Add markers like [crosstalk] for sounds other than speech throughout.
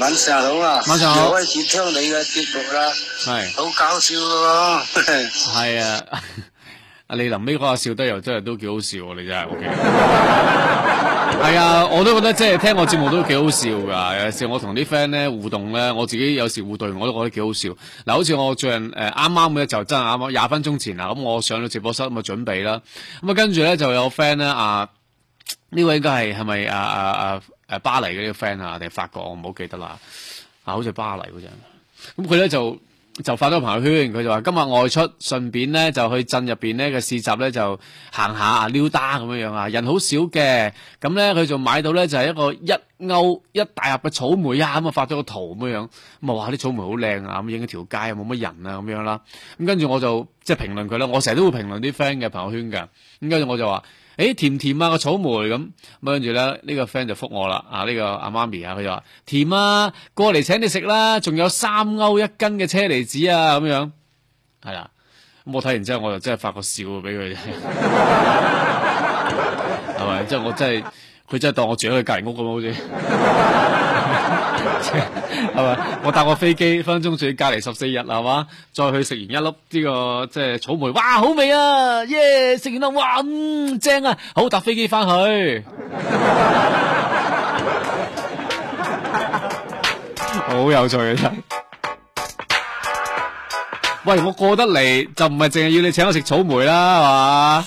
晚上好啊！晚上好。開始聽你嘅節目啦，係，好搞笑嘅喎，係啊，阿、 [laughs] 啊、你臨呢嗰個笑得又真係都幾好笑，你真係，係、okay、 [laughs] 啊，我都覺得即係、就是、聽我節目都幾好笑噶。有時我同啲 friend 咧互動咧，我自己有時互對我都覺得幾好笑。嗱，好似我最近誒啱啱嘅就真係啱啱廿分鐘前啊，咁我上到直播室咁啊準備啦，咁啊跟住咧就有 friend 咧啊，呢位應該係係咪啊啊啊？啊誒巴黎嘅啲 friend 啊，定法國，我唔好記得啦。啊，好似巴黎嗰陣，咁佢咧就就發咗個朋友圈，佢就話今日外出，順便咧就去鎮入邊呢個市集咧就行下溜達咁樣樣啊，人好少嘅。咁咧佢就買到咧就係、是、一個一歐一大盒嘅草莓啊，咁啊發咗個圖咁樣樣，咁啊哇啲草莓好靚啊，咁影一條街啊冇乜人啊咁樣啦。咁跟住我就即係、就是、評論佢啦。我成日都會評論啲 friend 嘅朋友圈㗎。咁跟住我就話。誒，甜唔甜啊？個草莓咁，咁跟住咧呢、這個 friend 就覆我啦，啊呢、這個阿媽咪啊，佢就話甜啊，過嚟請你食啦，仲有三歐一斤嘅車厘子啊咁樣係啦，咁、嗯、我睇完之後我就真係發個笑俾佢啫，係 [laughs] 咪？ [laughs] [laughs] 即係我真係佢真係當我住喺佢隔籬屋咁好似。 [laughs] 係嘛？我搭個飛機，分分鐘仲要隔離十四日，係嘛？再去食完一粒呢、這個即係草莓，哇，好味啊！耶，食完粒，哇，嗯，正啊，好搭飛機翻去， [laughs] [laughs] [laughs] 好有趣啊！ [laughs] 喂，我過得嚟，就唔係淨係要你請我食草莓啦，係嘛？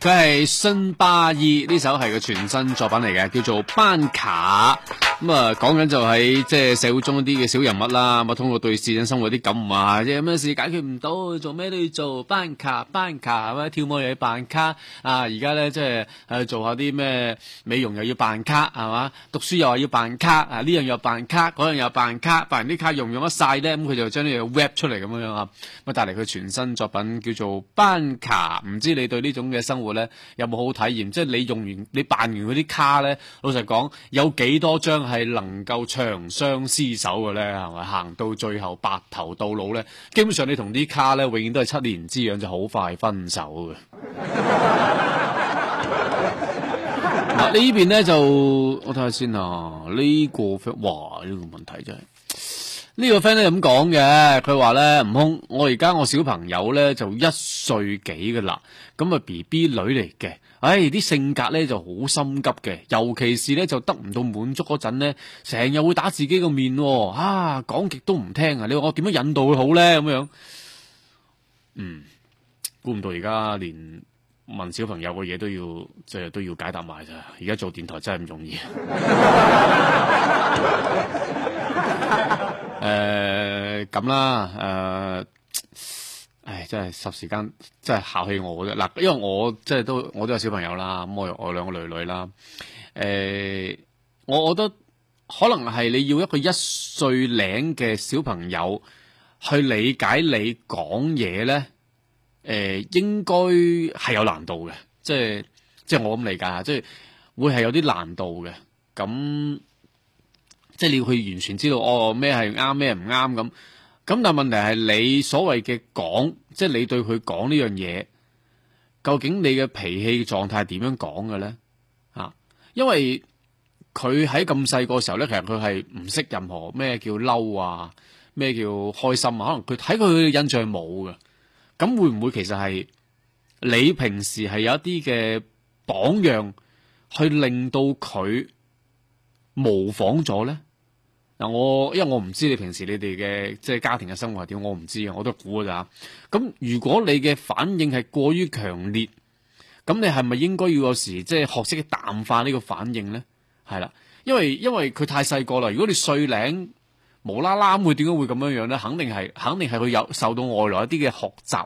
佢係新巴伊這一，呢首係個全新作品嚟嘅，叫做《班卡》。咁啊，講緊就喺即係社會中一啲嘅小人物啦，咁啊通過對自身生活啲感悟，即係有咩事解決唔到，做咩都要做。辦卡，辦卡，係咪？跳舞又要辦卡，啊！而家咧即係誒做下啲咩美容又要辦卡，係嘛？讀書又話要辦卡，啊呢樣又辦卡，嗰樣又辦卡，辦完啲卡用用一晒咧，咁、嗯、佢就將呢嘢 rap 出嚟咁樣樣啊，咁帶嚟佢全新作品叫做《辦卡》，唔知你對呢種嘅生活咧有冇好體驗？即、就、係、是、你用完，你辦完嗰啲卡咧，老實講有幾多張係能夠長相廝守嘅咧，係咪行到最後白頭到老咧？基本上你同啲卡咧，永遠都係七年之癢就好快分手嘅。 [laughs] 啊、邊呢邊咧就我睇下先啊，呢、這個哇呢、這個問題真係。這個、fan 呢個 friend 咧咁講嘅，佢話咧，悟空，我而家我小朋友咧就一歲幾㗎啦，咁啊 B B 女嚟嘅，唉、哎，啲性格咧就好心急嘅，尤其是咧就得唔到滿足嗰陣咧，成日會打自己個面，哦，啊，講極都唔聽啊！你話我點樣引導佢好咧？咁樣，嗯，估唔到而家連問小朋友嘅嘢都要，即、就、係、是、都要解答埋咋？而家做電台真係唔容易。 [laughs] 誒、呃，咁啦，誒、呃，唉，真係霎時間真係考起我啫。嗱，因為我即係都我都有小朋友啦，我我兩個女女啦，誒、呃，我覺得可能係你要一個一歲零嘅小朋友去理解你講嘢咧，誒、呃，應該係有難度嘅，即係即係我咁理解吓，即係會係有啲難度嘅，咁。即係你要佢完全知道哦咩係啱咩唔啱咁，咁但係問題係你所謂嘅講，即係你對佢講呢樣嘢，究竟你嘅脾氣狀態係點樣講嘅咧？啊，因為佢喺咁細個嘅時候咧，其實佢係唔識任何咩叫嬲啊，咩叫開心啊，可能佢睇佢印象冇嘅，咁會唔會其實係你平時係有一啲嘅榜樣去令到佢？模仿咗咧嗱，我因為我唔知你平時你哋嘅即係家庭嘅生活係點，我唔知，我都估噶咋咁。如果你嘅反應係過於強烈，咁你係咪應該要有時即係學識淡化呢個反應咧？係啦，因為因為佢太細個啦。如果你歲零無啦啦，會點解會咁樣樣咧？肯定係肯定係佢有受到外來一啲嘅學習，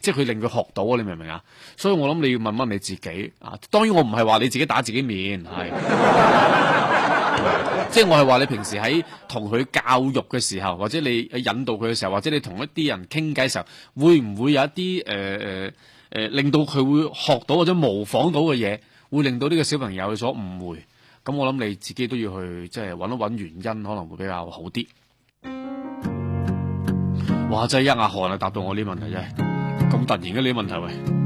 即係佢令佢學到啊！你明唔明啊？所以我諗你要問返你自己啊。當然我唔係話你自己打自己面係。 [laughs] 嗯、即係我係話你平時喺同佢教育嘅時候，或者你引導佢嘅時候，或者你同一啲人傾偈嘅時候，會唔會有一啲誒誒誒令到佢會學到或者模仿到嘅嘢，會令到呢個小朋友有所誤會？咁我諗你自己都要去即係搵一搵原因，可能會比較好啲。哇！真係一額汗啊，答到我呢問題真係，咁突然嘅呢、呢啲問題喂。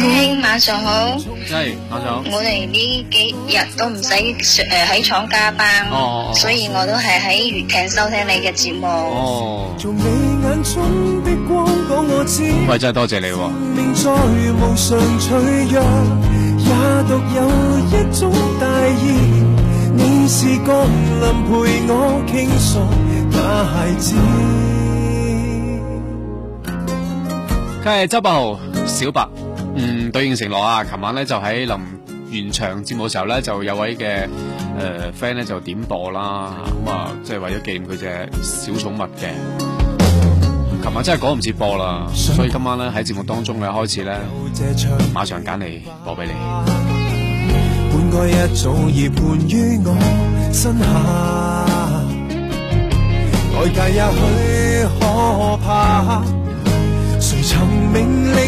師兄晚上好，係晚上好。我哋呢幾日都唔使誒喺廠加班，所以我都係喺樂聽收聽你嘅節目。哦，喂，真係多謝你。佢係周柏豪，小白。嗯，對應承諾啊！琴晚咧就喺臨完場節目時候咧，就有位嘅誒 friend 咧就點播啦，咁啊，即係為咗紀念佢隻小寵物嘅。琴晚真係趕唔切播啦，所以今晚咧喺節目當中嘅開始咧，馬上揀嚟播俾你。本該一早已盤於我身下。外界也許可怕，誰尋命力？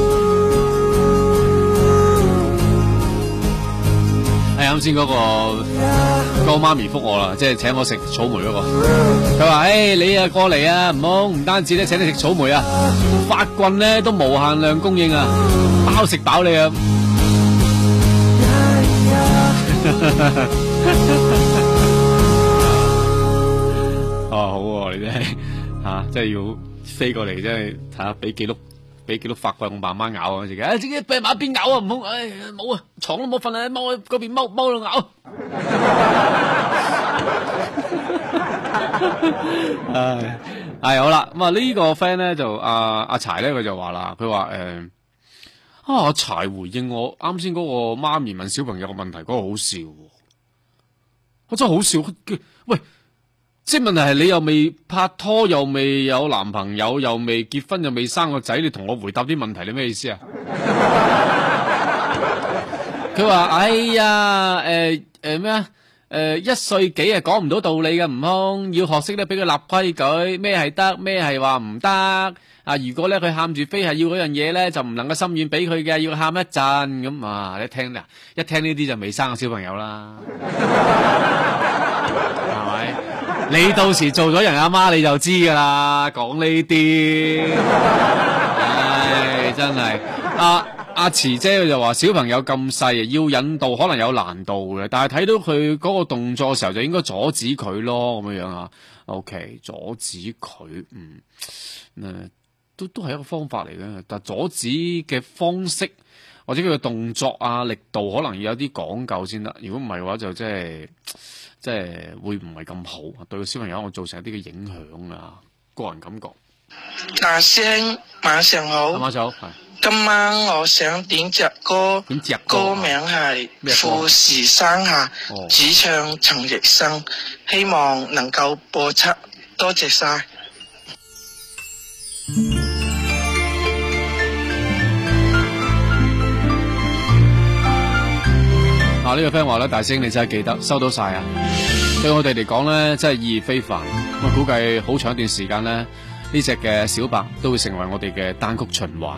啱先嗰個江、那個、媽咪復我啦，即係請我食草莓嗰、那個，佢話，誒、哎，你啊過嚟啊，唔好唔單止咧，請你食草莓啊，法棍咧都無限量供應啊，包食飽你啊！哦 [laughs] [laughs] 、啊，好、啊，你真係吓，即、啊、係要飛過嚟，即係睇下俾記錄。俾幾多發貴，我慢慢咬自己，自己病埋一邊咬啊，唔好，唉，冇啊，床都冇瞓啊，踎喺嗰邊踎踎到咬。 [laughs] [laughs] [laughs] 唉，係好啦，咁，這個、啊呢個 friend 咧就阿阿柴咧佢就話啦，佢話誒，阿、呃啊、柴回應我啱先嗰個媽咪問小朋友嘅問題、哦，嗰個好笑，我真係好笑，喂。即係問題係你又未拍拖，又未有男朋友，又未結婚，又未生個仔，你同我回答啲問題，你咩意思啊？佢話：哎呀，誒誒咩啊？誒一歲幾啊，講唔到道理嘅，悟空要學識咧，俾佢立規矩，咩係得，咩係話唔得啊？如果咧佢喊住非係要嗰樣嘢咧，就唔能夠心軟俾佢嘅，要喊一陣咁啊！你聽啊，一聽呢啲就未生個小朋友啦。你到時做咗人阿媽你就知㗎啦，講呢啲，唉、 [laughs] 哎，真係阿阿慈姐佢就話小朋友咁細啊，要引導可能有難度嘅，但係睇到佢嗰個動作時候就應該阻止佢咯，咁樣樣啊，OK，阻止佢，嗯，誒、呃，都都係一個方法嚟嘅，但係阻止嘅方式或者佢嘅動作啊力度可能要有啲講究先得，如果唔係嘅話就即、就、係、是。即係會唔係咁好，對個小朋友我造成一啲嘅影響啊，個人感覺。阿師兄，晚上好。晚上好。今晚我想點隻歌、歌，歌名係《富士山下》，主唱陳奕迅，希望能夠播出，多謝晒。啊，呢個 friend 話咧，大聲你真係記得收到晒啊！對我哋嚟講咧，真係意義非凡。我估計好長一段時間咧，呢隻嘅小白都會成為我哋嘅單曲循環。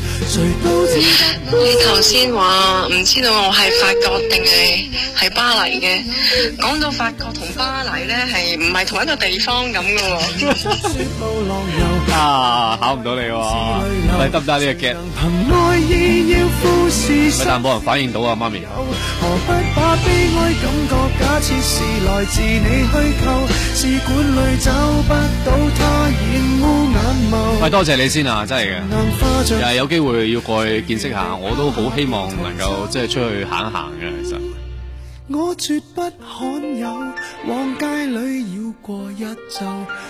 都知不知，你頭先話唔知道我係法國定係係巴黎嘅，講到法國同巴黎咧係唔係同一個地方咁噶喎。 [laughs] 啊，考唔到你、啊，喂，得唔得呢個 get？嗯嗯嗯、但係冇人反應到啊，媽咪、啊是是嗯。多謝你先、啊、真係、嗯、有機會。佢要過去見識下，我都好希望能夠即係出去行一行嘅。其實，我絕不罕有，往街裏繞過一周，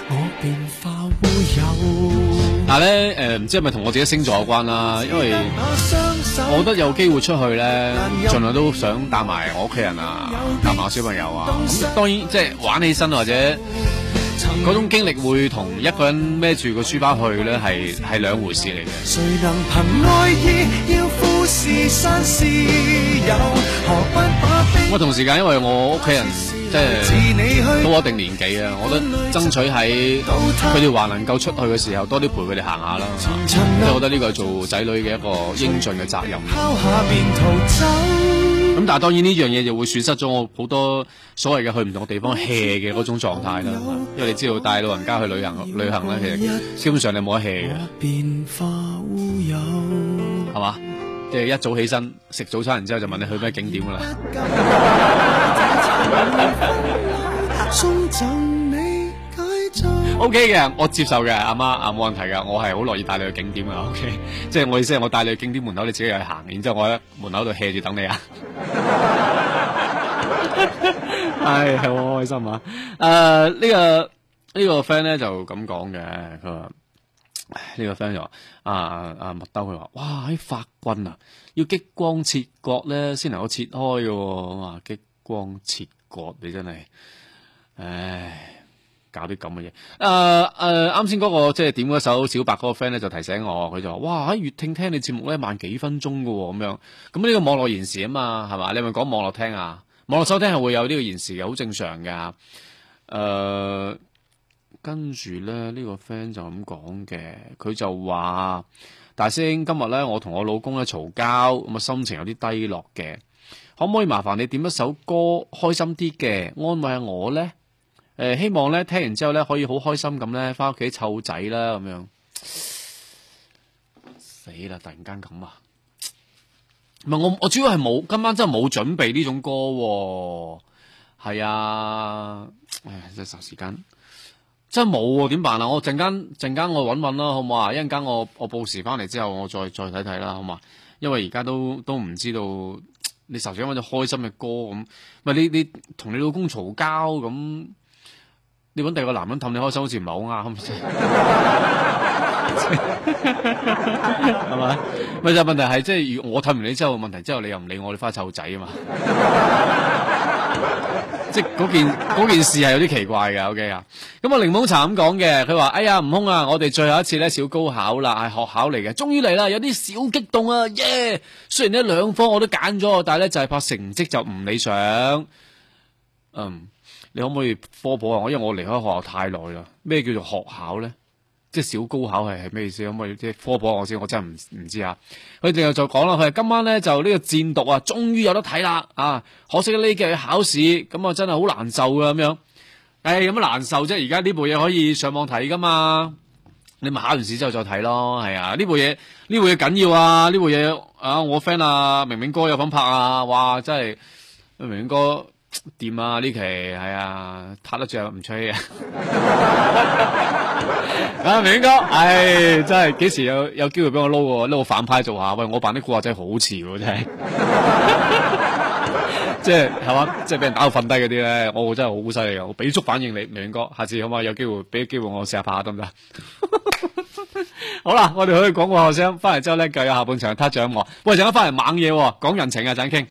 我便化烏有。但係咧，誒、呃，唔知係咪同我自己星座有關啦？因為我覺得有機會出去咧，盡量都想帶埋我屋企人啊，帶埋我小朋友啊。咁當然，即係玩起身或者。嗰種經歷會同一個人孭住個書包去咧，係係兩回事嚟嘅。我同時間，因為我屋企人即係都一定年紀啊，我覺得爭取喺佢哋還能夠出去嘅時候，多啲陪佢哋行下啦。即係我覺得呢個係做仔女嘅一個應盡嘅責任。但當然呢樣嘢就會損失咗我好多所謂嘅去唔同嘅地方 hea 嘅嗰種狀態啦，因為你知道帶老人家去旅行，旅行啦，其實基本上你冇得 hea 嘅，係嘛？即係一早起身食早餐，然之後就問你去咩景點㗎啦。O K 嘅，我接受嘅，阿媽啊，冇問題噶，我係好樂意帶你去景點啊。O K，即係我意思係，我帶你去景點門口，你自己又去行，然之後我喺門口度 hea 住等你啊。係、 [laughs] [laughs] 哎，係我好開心啊。誒、uh, 這個，這個、呢、這個呢個 friend 咧就咁講嘅，佢、啊、話，呢個 friend 又話，阿、啊、阿麥兜佢話，哇，啲法棍啊，要激光切割咧先能夠切開嘅、啊，啊激光切割你真係，唉。搞啲咁嘅嘢，誒、uh, 誒、uh, 那個，啱先嗰個即係點嗰首小白嗰個 friend 咧就提醒我，佢就話：哇喺月聽聽你節目咧慢幾分鐘㗎喎、哦，咁樣，咁呢個網絡延時啊嘛，係嘛？你係咪講網絡聽啊？網絡收聽係會有呢個延時嘅，好正常㗎。嚇、uh,。跟住咧呢個 friend 就咁講嘅，佢就話：大師兄，今日咧我同我老公咧嘈交，咁啊心情有啲低落嘅，可唔可以麻煩你點一首歌開心啲嘅，安慰下我咧？誒、呃，希望咧聽完之後咧可以好開心咁咧，翻屋企湊仔啦咁樣。死啦！突然間咁啊！唔係我我主要係冇，今晚真係冇準備呢種歌、啊。係啊，唉，真係霎時間真係冇點辦啊！我陣間陣間我搵搵啦，好唔好啊？一陣間我我報時翻嚟之後，我再再睇睇啦，好唔好啊？因為而家都都唔知道你霎時間為啲開心嘅歌咁，咪，係你你同你老公嘈交咁。你揾第二個男人氹你開心好，好似唔係好啱，係咪？咪就是、問題係，即、就、係、是、我氹完你之後，問題之後你又唔理我，你花臭仔啊嘛！ [laughs] [laughs] [laughs] 即係嗰件嗰件事係有啲奇怪嘅。OK 啊、嗯，咁啊，檸檬茶咁講嘅，佢話：哎呀，悟空啊，我哋最後一次咧小高考啦，係學考嚟嘅，終於嚟啦，有啲小激動啊！耶、yeah!，雖然呢兩科我都揀咗，但係咧就係、是、怕成績就唔理想。嗯。你可唔可以科普下我？因為我離開學校太耐啦。咩叫做學考咧？即係小高考係係咩意思？可唔可以即係科普下我先？我真係唔唔知啊。佢之後就講啦，佢今晚咧就呢個戰毒啊，終於有得睇啦啊！可惜呢幾日要考試，咁啊真係好難受㗎。咁樣。唉、哎，有乜難受啫？而家呢部嘢可以上網睇噶嘛？你咪考完試之後再睇咯，係啊。呢部嘢呢部嘢緊要啊！呢部嘢啊，我 friend 啊，明明哥有份拍啊，哇，真係明明哥。掂啊！呢期係啊，拍得着又唔吹 [laughs] [laughs] 啊！啊明哥，唉、哎，真係幾時有有機會俾我撈個撈個反派做下？喂，我扮啲古惑仔好遲真係， [laughs] [laughs] [laughs] 即係係嘛，即係俾人打到瞓低嗰啲咧，我真係好犀利啊。我俾足反應你，明哥，下次可唔可以有機會俾個機會我試下拍下得唔得？行行 [laughs] 好啦，我哋可以講個學生翻嚟之後咧，繼續有下半場拍掌我。喂，陣間翻嚟猛嘢，講人情啊，陣間傾。